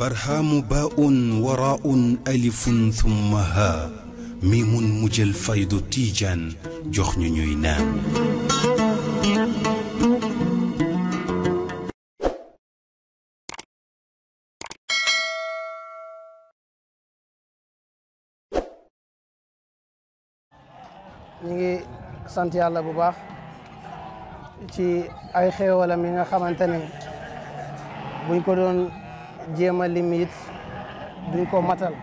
barhaamu baaun waraaun alifun thumma haa miimun mujjal faydu tiijaan jox ñu ñuy naan. ñu ngi sant yàlla bu baax ci ay xéewalam yi nga xamante ne buñ jéem a lim it duñ ko matal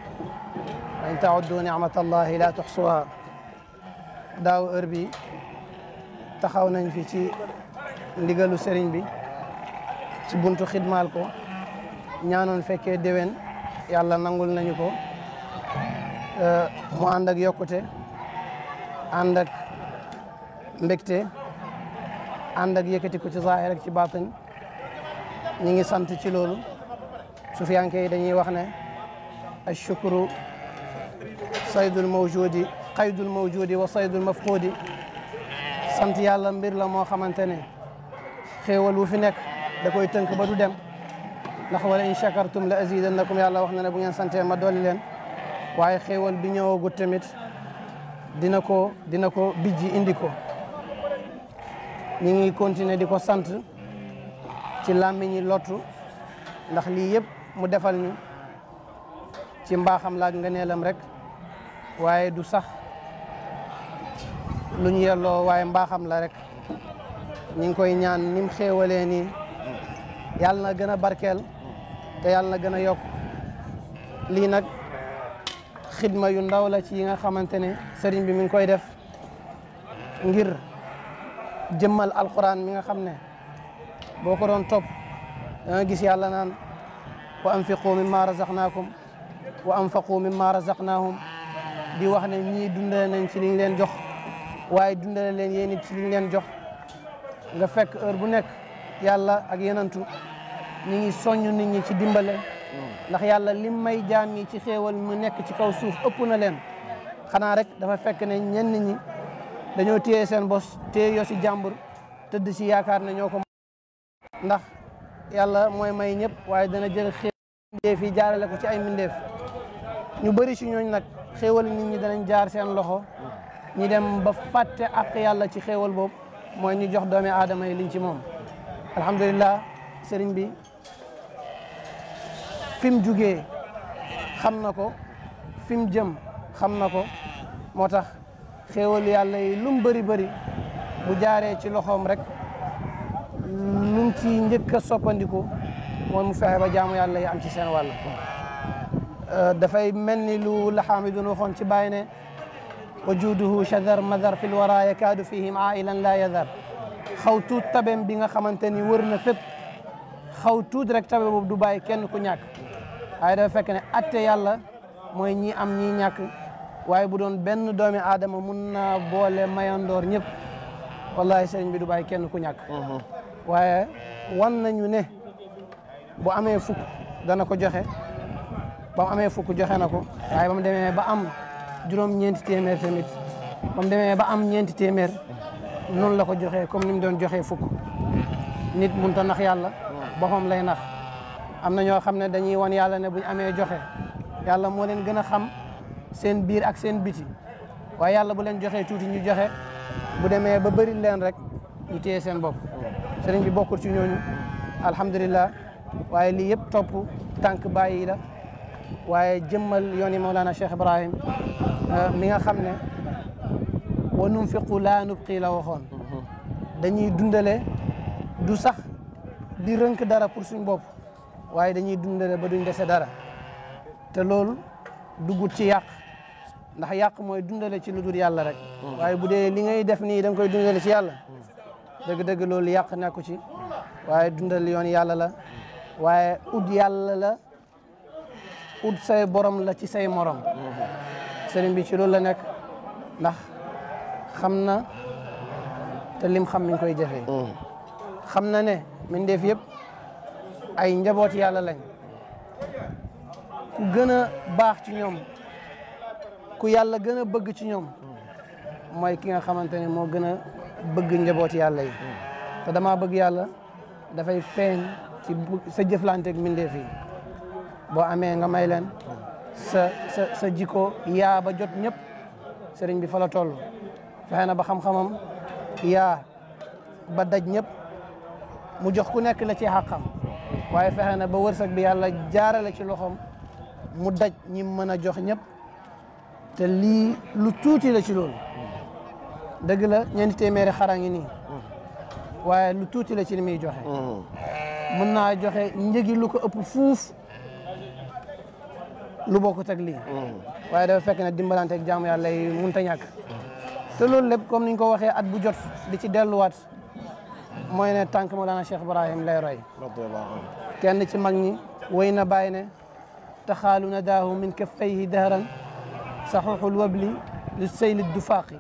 dañ tauddu ni'matallahi la tuxsuha daaw heure bi taxaw nañ fi ci ndigalu sëriñ bi ci buntu xidmaal ko ñaanoon fekkee déwén yàlla nangul nañu ko mu ànd yokkute ànd ak mbégte ànd ak ci zaahir ak ci baatin ñi ngi sant ci loolu sufiyanke yi dañuy wax ne ashukru saydul mawjudi qaydul mawjudi wa saydul mafqudi sant yàlla mbir la moo xamante ne xéewal wu fi nekk da koy tënk ba du dem ndax wala in shakartum la azidannakum yàlla wax na ne bu ngeen santee ma dolli leen waaye xéewal bi ñëwagut tamit dina ko dina ko bijji indi ko ñu ngi continuer di ko sant ci làmmiñi lottu ndax lii yëpp mu defal ñu ci mbaxam laak nga neelam rek waye du sax lu ñu yello waye mbaxam la rek ñi ngi koy ñaan ni xewale ni yalla na gëna barkel te yalla na gëna yok li nak xidma yu ndaw la ci nga xamantene serigne bi mi ngi koy def ngir jëmmal alquran mi nga xamne boko don top da nga gis yalla nan am naa wa anfiqu mimma razaqnaakum wa anfaqu naa razaqnaahum di wax ne ñii dundale nañ ci liñ leen jox waaye dundale leen yéen it ci liñ leen jox nga fekk heure bu nekk yàlla ak yenantu ñi ngi soññ nit ñi ci dimbale ndax yàlla lim may jaam yi ci xéewal mu nekk ci kaw suuf ëpp na leen xanaa rek dafa fekk ne ñenn ñi dañoo téye seen bos téye yoo si jàmbur tëdd si yaakaar ne ñoo ko ndax yàlla mooy may ñëpp waaye dana jël xéewal mbindeef yi jaarale ko ci ay mbindeef ñu bari ci ñooñ nag xéewal nit ñi danañ jaar seen loxo ñi dem ba fàtte ak yàlla ci xéewal boobu mooy ñu jox doomi aadama yi liñ ci moom alhamdulilah sëriñ bi fi mu jugee xam na ko fi jëm xam na ko moo tax xéewal yàlla yi lu bari bari bu jaaree ci loxoom rek liñ ci njëkk a soppandiku mooy mu fexe ba jaamu yàlla yi am ci seen wàll dafay mel ni lu laxaami dun waxoon ci bàyyi ne wajuduhu chadar madar fi lwara yakaadu fihim ailan la yadar xaw tuut tabem bi nga xamante ni wër na fépp xaw tuut rek tabe boobu du bàyyi kenn ku ñàkk waaye dafa fekk ne atte yàlla mooy ñi am ñi ñàkk waaye bu doon benn doomi aadama mun naa boole mayandoor ñëpp wallahi sëriñ bi du bàyyi kenn ku ñàkk waaye wan nañu ne bu amee fukk dana ko joxe ba mu amee fukk joxe na ko waaye ba mu demee ba am juróom-ñeenti téeméer tamit ba mu demee ba am ñeenti téeméer noonu la ko joxe comme ni mu doon joxee fukk nit mënut a nax yàlla boppam lay nax am na ñoo xam ne dañuy wan yàlla ne buñ amee joxe yàlla moo leen gën a xam seen biir ak seen biti waaye yàlla bu leen joxee tuuti ñu joxe bu demee ba bëri leen rek ñu téye seen bopp سرنج بوكر تنيون الحمد لله وعلي يب توب تانك بايلا وجمل يوني مولانا شيخ إبراهيم ميغا خمنة وننفق لا نبقي لا وخون دنيي دندلي دو صح دي رنك دارا بور سون بوب واي دنيي دندلي با دون ديسه دارا te lol dugut ci yak ndax yak moy dundale ci luddul yalla rek mm. waye budé li ngay def ni dang koy dundale ci yalla dëgg-dëgg loolu yàq nekku ci waaye dundal yoon yàlla la waaye ut yàlla la ut say borom la ci say morom sëriñ bi ci loolu la nekk ndax xam na te lim xam mi koy jëfee xam na ne min def yëpp ay njaboot yàlla lañ ku gën a baax ci ñoom ku yàlla gën a bëgg ci ñoom mooy ki nga xamante moo gën a bëgg njabot yalla yi te dama bëgg da fay feeñ ci sa ak mindé fi bo amé nga may leen sa sa jiko ya ba jot ñëpp sëriñ bi fa la toll fexe ba xam-xamam ya ba daj ñëpp mu jox ku nekk la ci xàqam waye fexe ba bi yalla jaarale ci loxom mu daj ñi mëna jox ñëpp té li lu tuuti la ci lool dëgg la ñeenti téeméeri xar a ngi nii. waaye lu tuuti la ci li muy joxe. mën naa joxe njëgi lu ko ëpp fuuf lu bokkut ak lii. waaye dafa fekk ne dimbalante ak jaamu yàlla yi mënut a ñàkk. te loolu lépp comme ni ñu ko waxee at bu jot di ci delluwaat mooy ne tànk Mawlana Cheikh Ibrahim lay roy. kenn ci mag ñi wéy na bàyyi ne taxaalu na daahu min kaffayhi dahran saxuxul wabli lu seyli dufaaqi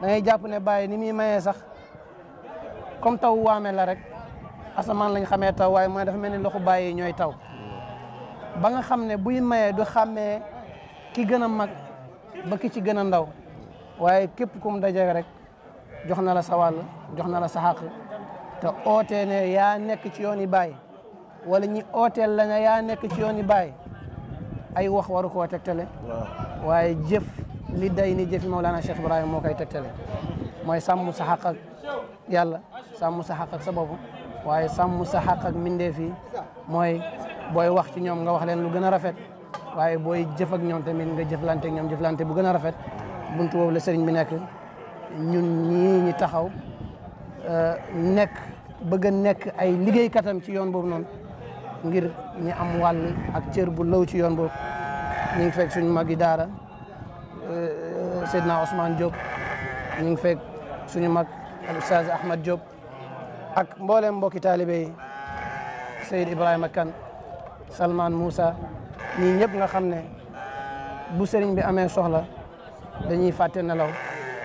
da ngay jàpp ne bàyyi ni muy mayee sax comme taw waame la rek asamaan lañ xamee taw waaye mooy dafa mel ni loxo bàyyi ñooy taw ba nga xam ne buy mayee du xàmmee ki gën a mag ba ki ci gën a ndaw waaye képp kum daje rek jox na la sa wàll jox na la sa xàq te ne yaa nekk ci yoon yi bàyyi wala ñi ooteel la yaa nekk ci yoon yi bàyyi ay wax waru koo tegtale waaye jëf li day ni jëfi Mawlana Cheikh raay moo koy tegtale mooy sàmm sa xaq yàlla sàmm sa xaq ak sa bopp waaye sàmm sa xaq ak mbindeef yi mooy booy wax ci ñoom nga wax leen lu gën a rafet waaye booy jëf ñoom tamit nga jëflante ak ñoom jëflante bu gën a rafet bunt boobu la sëriñ bi nekk ñun ñii ñi taxaw eh, nekk bëgg a nekk ay liggéeykatam ci yoon boobu noonu ngir ñi am wàll ak cër bu law ci yoon boobu ñu ngi fekk suñu magi daara سيدنا Ousmane Diop ñu ngi fekk suñu mag al Oustaz Ahmad Diop ak mboolem mbokki taalibe yi Seyd Ibrahima Kane Salman Moussa ñii ñëpp nga xam ne bu sëriñ bi amee soxla dañuy fàtte nelaw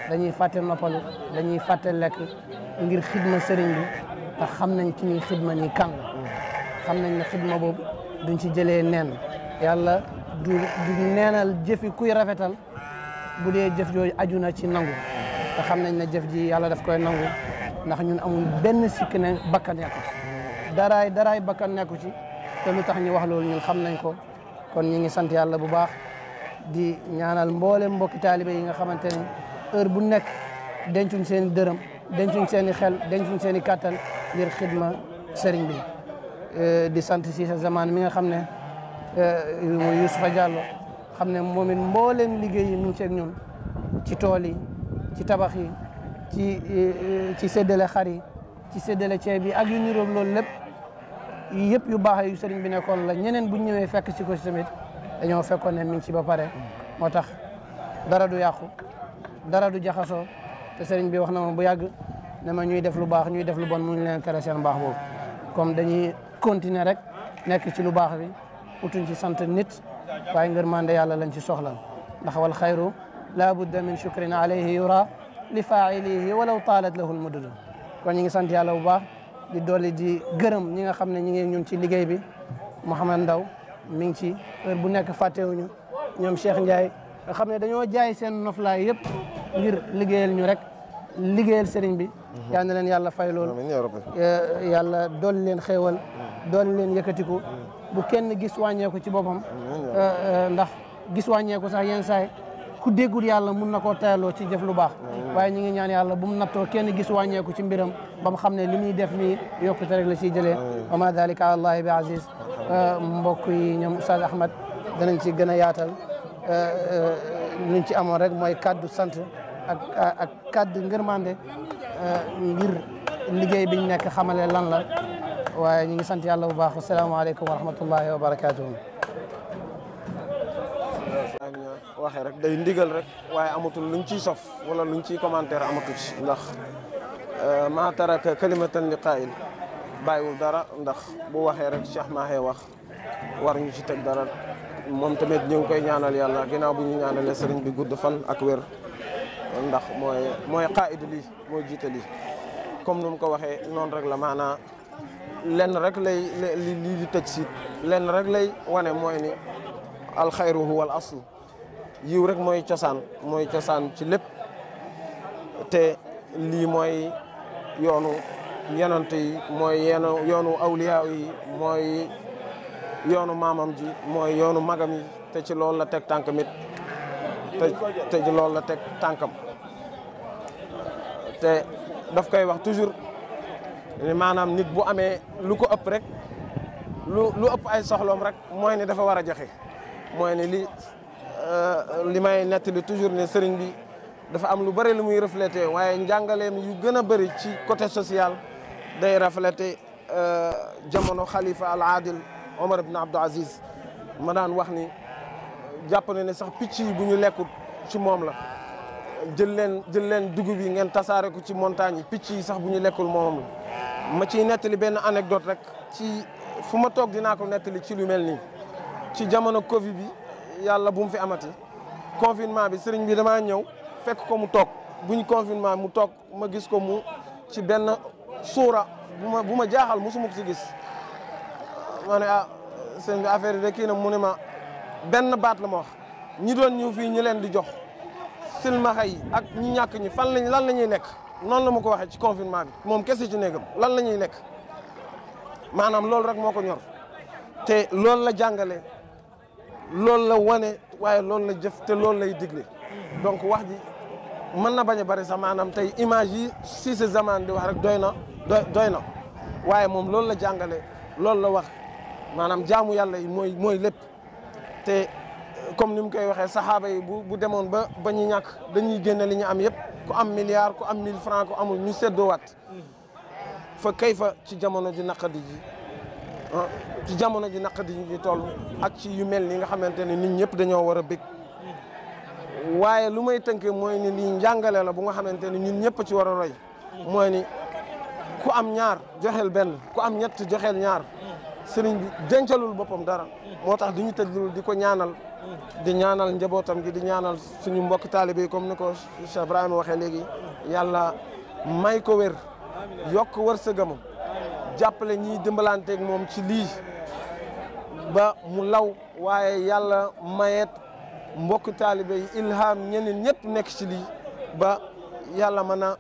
dañuy fàtte noppalu dañuy fàtte lekk ngir xidma sëriñ bi te xam ci ñuy xidma ni kan la xam ne xidma boobu duñ ci jëlee neen yàlla du du neenal jëfi kuy rafetal bu dee jëf jooju aju na ci nangu te xam nañ ne jëf ji yàlla daf koy nangu ndax ñun amul benn sikk ne bakkan nekku daraay daraay bakkan nekku ci te lu tax ñu wax lool ñun xam nañ ko kon ñu ngi sant yàlla bu baax di ñaanal mboole mbokki taalibe yi nga xamante ne heure bu nekk dencuñ seen i dërëm dencuñ seeni i xel dencuñ seen i kàttan ngir xidma sëriñ bi eh, di sant si sa zaman mi nga xam ne eh, Youssoufa Diallo xam ne moom it mbooleem liggéey yi mu ngi ceeg ñun ci tool yi ci tabax yi ci eh, ci séddale xar yi ci séddale ceeb yi ak yu loolu lépp yëpp yu baax yu sëriñ bi nekkoon la ñeneen bu ñu ñëwee fekk ci ko tamit dañoo fekkoon ne mi ngi ba pare moo tax dara du yàqu dara du jaxasoo te sëriñ bi wax na ma bu yàgg ne ma ñuy def lu baax ñuy def lu bon mu ñu leen tere seen baax boobu comme dañuy continuer rek nekk ci lu baax bi utuñ ci sant nit waaye ngërmande yàlla lañ ci soxla ndax wal xayru laa budda min shukrin alayhi yura li faa'ilihi walaw taalat lahu lmududu kon ñi ngi sant yàlla bu baax di dolli di gërëm ñi nga xam ne ñi ngi ñun ci liggéey bi Mouhamad Ndaw mi ngi ci heure bu nekk fàttewuñu ñoom Cheikh Ndiaye nga xam ne dañoo jaay seen noflaay yëpp ngir liggéeyal ñu rek liggéeyal sëriñ bi yaa na leen yàlla fay loolu yàlla dool leen xéewal dool leen yëkkatiku bu kenn gis wàññeeku ci boppam euh, euh, ndax gis wàññeeku sax yenn saay ku déggul yàlla mun na koo tayaloo ci jëf lu baax waaye ñu ngi ñaan yàlla bu mu nattoo kenn gis wàññeeku ci mbiram ba mu xam ne li muy def nii yokkute rek la ciy jëlee wa ma dalika ala bi aziz euh, mbokk yi ñoom Oustaz Ahmad danañ ci gën a yaatal luñ ci amoon rek mooy kaddu sant ak ak kaddu ngërmande ngir liggéey biñ nekk xamale lan la وني سنت يالله السلام عليكم ورحمة الله وبركاته. واخر رك داي نديغال رك واي اموتول لونتي صف ولا لونتي كومونتير اموتول نخ ما ترك كلمه لقائل بايول دارا نخ بو واخي رك شيخ ماهي واخ وار نيو سي تك دارا موم نيو كاي نيانال يالا غيناو بو نيانال سيرن بي غود فال اك وير نخ موي موي قائد لي موي جيت لي كوم نوم كو نون رك لا معناه lenn rek lay lii di tëj si lenn rek lay wane mooy ni alxayru huwa al aslu yiw rek mooy cosaan mooy cosaan ci lépp te lii mooy yoonu yenant yi mooy yeen yoonu awliya yi mooy yoonu maamam ji mooy yoonu magam yi te ci loolu la teg tànkam it te ci loolu la teg tànkam daf koy wax toujours maanaam nit bu amee lu ko ëpp rek lu lu ëpp ay soxloom rek mooy ne dafa war a joxe mooy ne li li may nettali toujours ne sëriñ bi dafa am lu bëri lu muy reflété waaye njàngaleem yu gën a bëri ci côté social day reflété jamono xalifa al aadil Omar ibn Abdou Aziz ma daan wax ni jàpp na ne sax picc yi bu ñu lekkut ci moom la jël leen jël leen dugub yi ngeen tasaare ko ci montagne yi picc yi sax bu ñu lekkul moom la ma ciy nettali benn anecdote rek ci fu ma toog dinaa ko nettali ci lumel mel nii ci jamono Covid bi yàlla bu mu fi amati confinement bi sëriñ bi damaa ñëw fekk ko mu toog buñ confinement mu toog ma gis ko mu ci benn suura bu ma bu ma jaaxal mosuma ko ci gis ma ne ah sëriñ affaire yi de kii na mu ne ma benn baat la ma ñi doon ñëw fii ñu leen di jox silmaxa yi ak ñi ñàkk ñi fan lañ lan la ñuy nekk noonu la ma ko waxee ci confinement bi moom kese ci néegam lan la ñuy lekk maanaam loolu rek moo ko ñor te loolu la jàngale loolu la wane waaye loolu la jëf te loolu lay digle donc wax ji mën na bañ a bari sax maanaam tey image yi si se zaman di wax rek doy na doy na waaye moom loolu la jàngale loolu la wax maanaam jaamu yàlla yi mooy mooy lépp te comme ni mu koy waxee saxaaba yi bu bu demoon ba ba ñu ñàkk dañuy génne li ñu am yëpp ku am milliard ku am mille franc ku amul ñu séddoowaat fa fa ci jamono ji naqadi ci jamono ji naqadi ji ah, tol ak ci yu mel ni nga xamante ni nit ñëpp dañoo war a bég waaye lu may tënkee mooy ni lii njàngale la bu nga xamante ne ñun ñëpp ci war a roy mooy ni ku am ñaar joxel benn ku am ñett joxeel ñaar sëriñ bi dencalul boppam dara moo tax du ñu tëjlul di ko ñaanal di ñaanal njabootam gi di ñaanal suñu mbokki taalibe yi comme ni ko Cheikh Ibrahima waxee léegi yàlla may ko wér yokk wërsëgamam jàppale ñiy dimbalanteeg moom ci lii ba mu law waaye yàlla mayet mbokki taalibe yi ilham ñeneen ñëpp nekk ci lii ba yàlla mën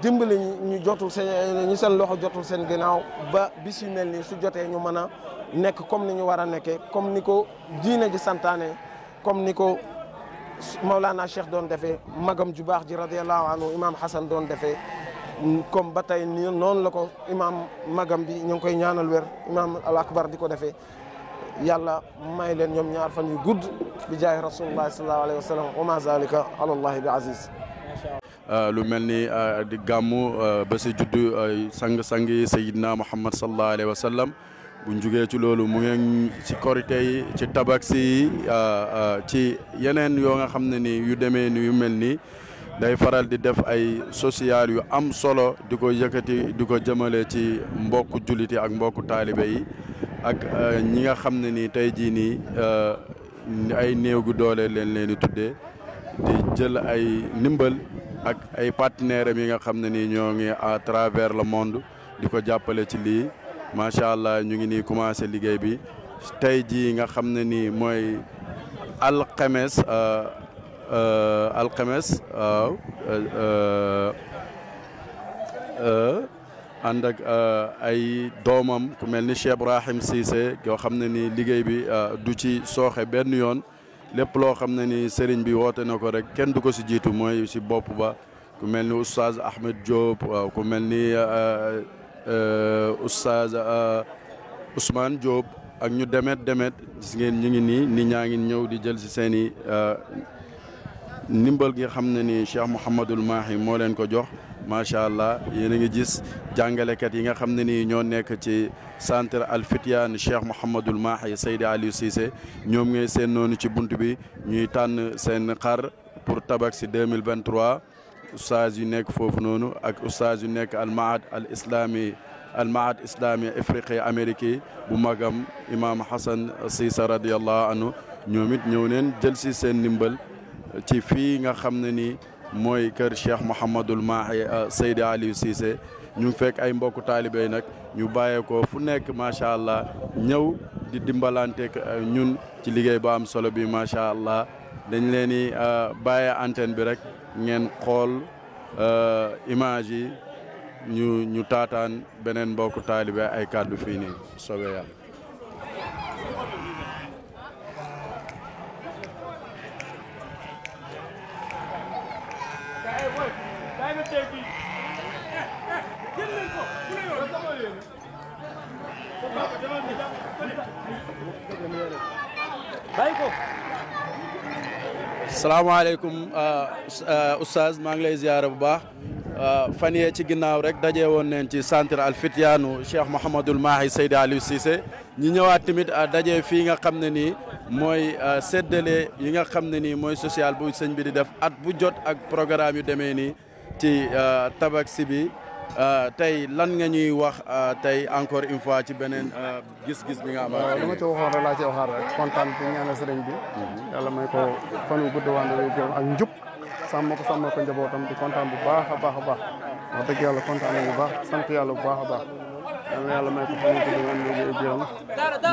dimbali ñu jotul seen ñu seen loxo jotul seen ginnaaw ba bis nii su jotee ñu mën a nekk comme ni ñu war a nekkee comme ni ko diine ji santaane comme ni ko Maulana Cheikh doon defee magam ju baax ji radiyallahu anhu imaam Hassan doon defee comme ba tey nii noonu la ko imaam magam bi ñu ngi koy ñaanal wér imaam al akbar di ko defee yàlla may leen ñoom ñaar fan yu gudd bi jaay rasulullah sallallahu alayhi wa sallam wa ma zalika ala bi aziz Euh, lu mel ni euh, di gàmmu euh, ba si juddu sang-sang yi sayidna muhammad sallallahu alayhi wa sallam buñ jugee ci loolu mu ngi ci korité yi ci tabaski yi ci yeneen yoo nga xam ne ni yu demee ni yu mel nii day faral di def ay social yu am solo di ko yëkkati di ko jëmale ci mbokku julliti ak mbokku taalibe yi ak ñi nga xam ne ni tey jii nii ay néegu doole leen leen di tuddee di jël ay ndimbal ak ay partenaires am yi nga xam ne ni ñoo ngi à travers le monde di ko jàppale ci lii macha allah ñu ngi nii commencé liggéey bi tey jii nga xam ne nii mooy alxames euh, euh, alxemes waaw euh, ànd ak ay doomam ku mel ni Cheikh Ibrahim Cissé yoo xam ne nii liggéey bi du ci sooxe benn yoon. lépp loo xam na ni sëriñ bi woote na ko rek kenn du ko si jiitu mooy si bopp ba ku mel ni oustaz Ahmed Diop waaw ku mel ni euh, euh, oustaz euh, Ousmane Diop ak ñu demet demet gis ngeen ñu ngi nii ni ñaa ngi ñëw di jël si seen i ndimbal gi xam ne ni Cheikh Mouhamadul Mahi moo leen ko jox macha allah yéen a ngi gis jàngalekat yi nga xam ne ni ñoo nekk ci centre Al Fityaan Cheikh Mouhamadul Mahi Seydi Aliou Cissé ñoom ngay seen noonu ci bunt bi ñuy tànn seen xar pour tabaski 2023 ustaaz yu nekk foofu noonu ak ustaaz yu nekk al mahad al islami al mahad islami afrique amérique bu magam imam Hassan Cissé radiallahu anhu ñoom it ñëw neen jël si seen ndimbal ci fii nga xam ne nii mooy kër Cheikh Mouhamadul Mahi eh, eh, Seydi Aliou Cissé ñu fekk ay mbokku taalibe nag ñu ko fu nekk macha allah ñëw di dimbalanteek eh, ñun ci liggéey ba am solo bi macha allah dañ leen di bàyyee antenne bi rek ngeen xool image yi ñu ñu taataan beneen mbokku taalibe ay kàddu fii nii soobee yàlla. salaamaaleykum uh, uh, oustaz maa ngi lay ziyaara bu baax uh, fan yee ci ginnaaw rek daje woon neen ci centre alfityaanu Cheikh Mouhamadul Mahi Seydi Aliou Cissé ñi ñëwaat tamit daje fii nga xam ne nii mooy seddale yi nga xam ne nii mooy social bu sëñ bi di def at bu jot ak programme yu demee nii ci euh, tabak sibi euh, tay lan nga ñuy wax euh, tay encore une fois ci benen gis-gis bi nga am waaw ma ci waxoon rek laa ci waxar rek kontaan bi ñaanal sëriñ mhm. bi. yalla may ko fanu wu gudd wàll yu gërëm ak njub sam mako sam mako njabotam di kontaan bu baaxa baaxa baax wax deug yalla kontaan bu baax sant yalla bu baaxa baax. yalla yalla may ko fanu wu gudd wàll yu gërëm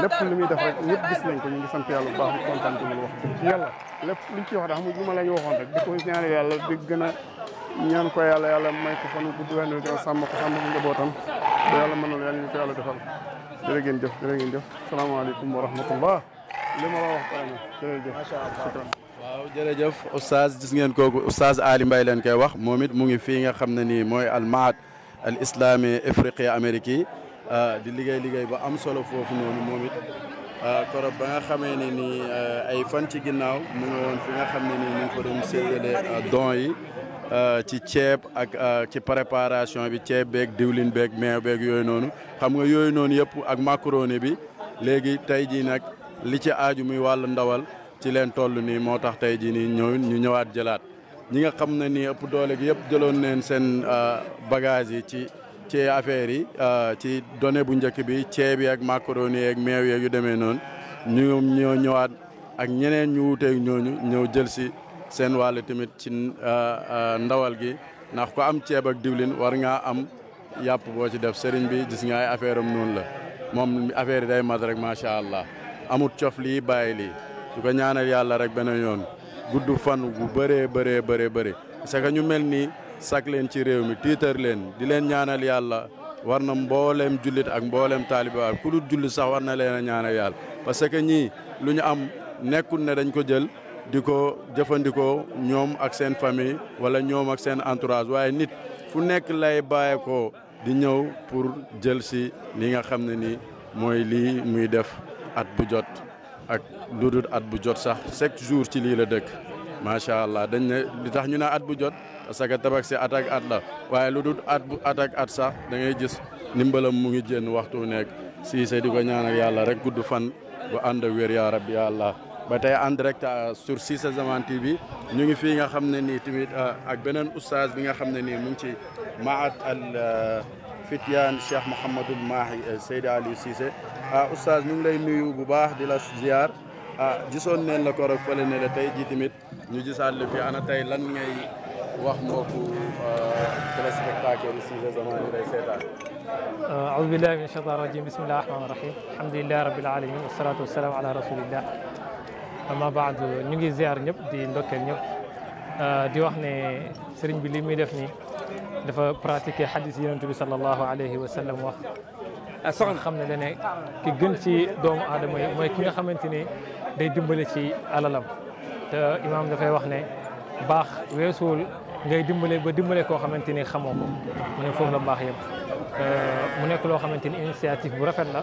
lepp lu muy def rek ñepp gis nañ ko ñu ngi sant yalla bu baax di bu ci wax dëgg yàlla lépp luñ ci wax da xam bu ma la waxon rek di ko ñaanal yalla di gëna ñaan ko yàlla yàlla may ko fan gudd wen wér sàmm ko sàmm ko njabootam ba yàlla mënul yàlla ñu ko yàlla defal jërë ngeen jëf jërë ngeen jëf salaamaaleykum wa rahmatullah li la wax pare na jërëjëf shukran waaw jërëjëf gis ngeen kooku oustaz Ali Mbaye leen koy wax moom it mu ngi fii nga xam ne nii mooy almaad al islami afriqi amérique yi ah, di liggéey liggéey ba am solo foofu noonu moom it ah, korob ba nga xamee ni nii ah, ay fan ci ginnaaw mu ngi woon fi nga xam ne nii ñu ko doon séddale don yi Euh, ci ceeb ak euh, ci préparation bi ceeb beeg diwlin beeg meew beeg yooyu noonu xam nga yooyu noonu yëpp ak macaroni bi léegi tey jii nag li ci aaju muy wàllu ndawal ci leen toll nii moo tax tey jii nii ñëw ñu ñëwaat jëlaat ñi nga xam ne ni ëpp doole yëpp jëloon neen seen euh, bagage yi ci ci affaire yi ci donné bu njëkk bi ceeb yi ak macaroni yeeg meew yeeg yu demee noonu ñu ñoo ñëwaat ak ñeneen ñu wuuteeg ñooñu ñëw jël si seen wàll tamit ci euh, euh, ndawal gi ndax ko am ceeb diwlin war ngaa am yàpp boo ci def sëriñ bi gis nga ay affaire am noonu la moom affaire yi day mat rek macha allah amut cof lii bàyyi lii su yàlla rek beneen yoon gudd fan bu bëree bëree bëree bëri parce que ñu mel nii sak leen ci réew mi tiitar leen di leen ñaanal yàlla war na mbooleem jullit ak mbooleem taaliba ku dul jullit sax war na leen a ñaanal yàlla parce que ñii am nekkul ne dañ ko jël Diko jëfëndiko diko ñoom ak seen famille wala ñoom ak seen entourage waaye nit fu nekk lay bàyyeekoo di ñëw pour jël si li nga xam ni mooy lii muy def at bu jot ak ludut at bu jot sax chaque jour ci lii la dëkk macha allah dañ ne li tax ñu ne at bu jot parce que tabax si at ak at la waaye ludut at bu at ak at sax da ngay gis ndimbalam mu ngi jenn waxtu nekk siise di ko ñaanal yàlla rek gudd fan bu ànd wér yaa rabbi yàlla ya ba tey en direct sur Cissé TV ñu ngi fii nga xam ne nii tamit ak beneen oustaz bi nga xam ne mu ci Maat al Fitiyaan Cheikh Mouhamadul Mahi sayyid ali Cissé ah oustaz ñu ngi lay nuyu bu baax di la ziar ah gisoon neen la ko rek fële ne la tey jii tamit ñu gisaat la fii ana tey lan ngay wax mbokku أعوذ بالله من الشيطان الرجيم بسم الله الرحمن الرحيم الحمد لله رب العالمين والصلاة والسلام على رسول الله ama baad ñu ngi ziar ñëpp di ndokkeel ñëpp euh, di wax ne sëriñ bi li muy def nii dafa pratiquer xadis yonent bi sallallahu alayhi wa sallam wax ah, soxna xam ne dane ki gën ci doomu aadama yi mooy ki nga xamante ni day dimbale ci alalam te imaam dafay wax ne baax weesuwul ngay dimbale ba dimbale koo xamante ni xamoo ko mu ne foofu la baax yëpp euh, mu nekk loo xamante ni initiative bu rafet la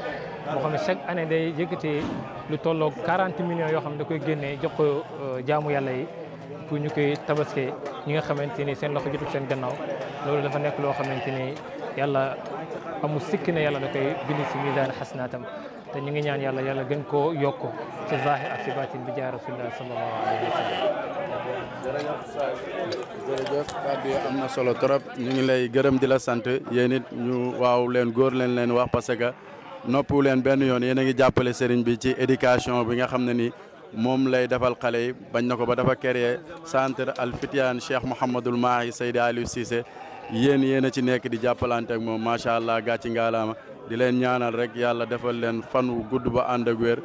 boo xam ne chaque année day yëkkati lu tolloog 40 millions yoo xam ne da koy génnee jox ko euh, jaamu yàlla yi pour ñu koy tabaskee ñi nga xamante ni seen loxo jotul seen gannaaw loolu dafa nekk loo xamante ni yàlla amul sikki ne yàlla da koy bind si misaan xasanaatam te ñu ngi ñaan yàlla yàlla gën koo yokk ci zaaxir ak ci baatin bi jaar rasulillah sallallahu alayhi wa jërëjëf kàddu yi am na solo trop ñu ngi lay gërëm di la sant yéen it ñu waaw leen góor leen leen wax parce que noppu leen benn yoon yéen a ngi jàppale sëriñ bi ci éducation bi nga xam ne ni moom lay defal xale yi bañ na ko ba dafa créé centre al fitian Cheikh Mouhamadul Mahi Seydi Aliou Cissé yéen yéen a ci nekk di jàppalante moom macha allah gàcci ngaalaama di leen ñaanal rek yàlla defal leen fan wu gudd ba ànd ak wér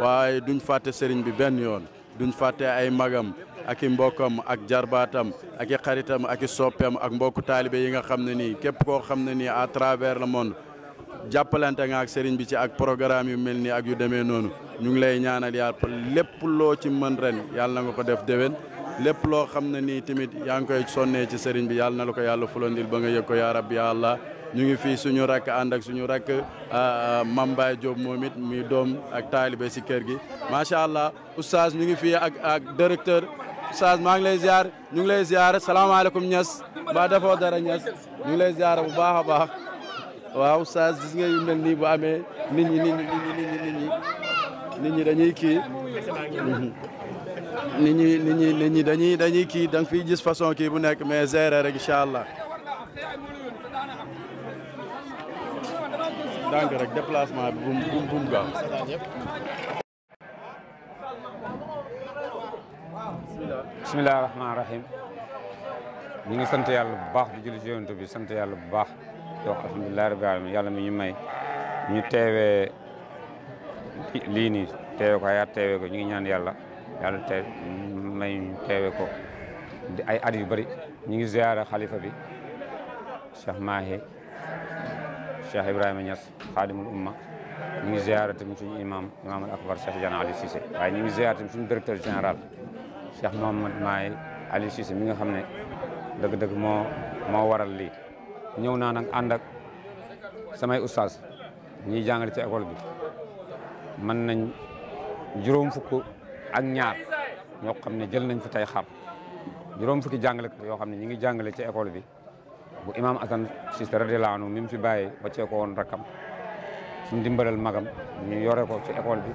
waaye duñ fàtte sëriñ bi benn yoon duñ fàtte ay magam ak i mbokkam ak jarbaatam ak i xaritam ak i soppeem ak mbokku taalibe yi nga xam ne nii képp koo xam ne nii a travers le monde jàppalante nga ak sëriñ bi ci ak programme yu mel nii ak yu demee noonu ñu ngi lay ñaanal yàlla lépp loo ci mën ren yàlla na nga ko def déwén lépp loo xam ne nii tamit yaa ngi koy sonnee ci sëriñ bi yàlla na la ko yàlla fulandil ba nga yëg ko yaa rabbi ya allah ñu ngi fii suñu rak ànd ak suñu rak Mambaay Diop moom it muy doom ak taalibe si kër gi Oustaz maa ngi lay ziar ñu ngi lay ziar salaamaaleykum Niass ba defoo dara Niass ñu ngi lay ziar bu baax a baax waaw Oustaz gis nga yu mel bu amee nit ñi nit ñi nit ñi nit ñi nit ñi dañuy kii nit ñi nit ñi nit dañuy dañuy kii da fiy gis façon kii bu nekk mais gérer rek incha allah donc rek déplacement bi bu mu bu bisimilah rahmaani rahim ñu ngi sant yàlla bu baax di julli ci bi sant yàlla bu baax di wax alhamdulilah rabbil yàlla mi ñu may ñu teewee lii nii teewee ko ayaat teewee ko ñu ngi ñaan yàlla yàlla tey may ñu ko ay at yu bëri ñu ngi ziyaara xalifa bi Cheikh Mahi Cheikh Ibrahima Niass xaadimul umma ñu ngi ziyaara tamit suñu imam imam al akbar Cheikh Jaan Ali Cissé waaye ñu ngi ziyaara tamit suñu directeur général Cheikh Mouhamad Maay Aliou Cissé mi nga xam ne dëgg-dëgg moo moo waral lii ñëw naa nag ànd ak samay ustaas ñiy jàngale ci école bi man nañ juróom fukk ak ñaar ñoo xam ne jël nañ fi tey xar juróom fukki jàngalekat yoo xam ne ñi ngi jàngale ci école bi bu imaam Assane Cissé radiyallaahu anhu mi mu fi bàyyi wàccee ko woon rakkam suñ dimbalal magam ñu yore ko ci école bi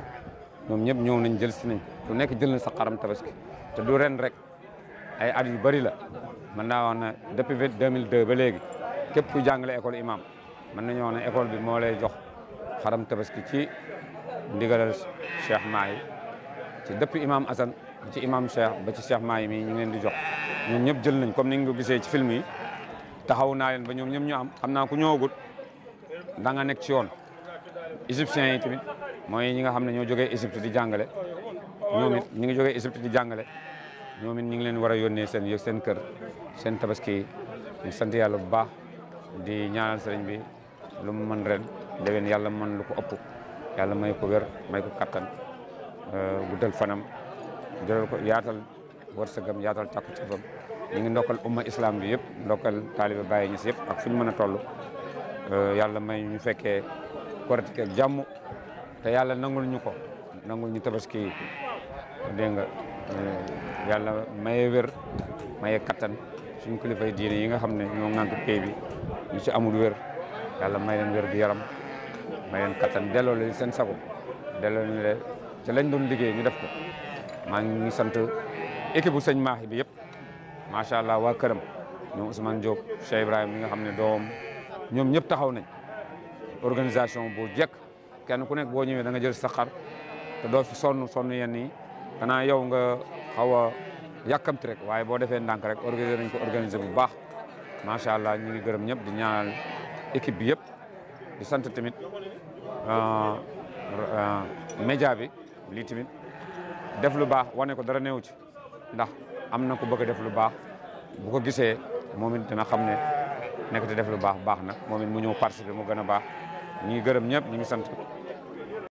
ñoom ñëpp ñëw nañ jël si nañ ku nekk jël na sa xaram tabaski te du ren rek ay at yu bëri la mën naa wax ne depuis 2002 ba léegi képp ku jàngale école imam mën nañu wax ne école bi moo lay jox xaram tabaski ci ndigalal Cheikh Mahi ci depuis imam Assane ba ci imam Cheikh ba ci Cheikh Mahi mii ñu ngi leen di jox ñoom ñëpp jël nañ comme ni nga ko gisee ci film yi taxaw naa leen ba ñoom ñëpp ñu am xam naa ku ñëwagut da nga nekk ci yoon égyptiens yi tamit mooy ñi nga xam ne ñoo jógee Égypte di jàngale ñoom ñu ngi jógee Égypte di jàngale ñoom it ñu ngi leen war a yónnee seen yëg seen kër seen tabaski yi ñu sant yàlla bu baax di ñaanal sëriñ bi lu mu mën ren déwén yàlla mën lu ko ëpp yàlla may ko wér may ko kattan euh, guddal fanam jëlal ko yaatal wërsëgam yaatal càkku cafam ñu ngi ndokkal umma islam bi yëpp ndokkal taaliba Baye Niass yëpp ak fi ñu mën a toll euh, yàlla may ñu fekkee korite ak jàmm te yàlla nangul ñu ko nangul ñu tabaski dégg nga yàlla maye wér maye kattan suñu kilifay diine yi nga xam ne ñoo ŋànk pay bi ñu ci amul wér yàlla may leen wér gu yaram may leen kattan delloo leen seen sago delloo leen le ci lañ doon liggéey ñu def ko maa ngi sant équipe bu sëñ Mahi bi yëpp macha allah waa këram ñoom Ousmane Diop Cheikh ibrahim mi nga xam ne doom ñoom ñëpp taxaw nañ organisation bu jekk kenn ku nekk boo ñëwee da nga jël sa xar doo fi sonn sonn yenn xanaa yow nga xawa a rek waaye boo defee ndànk rek organiser nañ ko organiser bu baax macha allah ñu ngi gërëm ñëpp di ñaanal équipe bi yëpp di sant tamit euh, euh, média bi lii tamit def lu baax wane ko dara neewu ndax am na ko bëgg a def lu baax bu ko gisee moom te dina xam ne nekk te def lu baax baax na moom it mu ñëw participer mu gën a baax ñu ngi gërëm ñëpp ñu ngi sant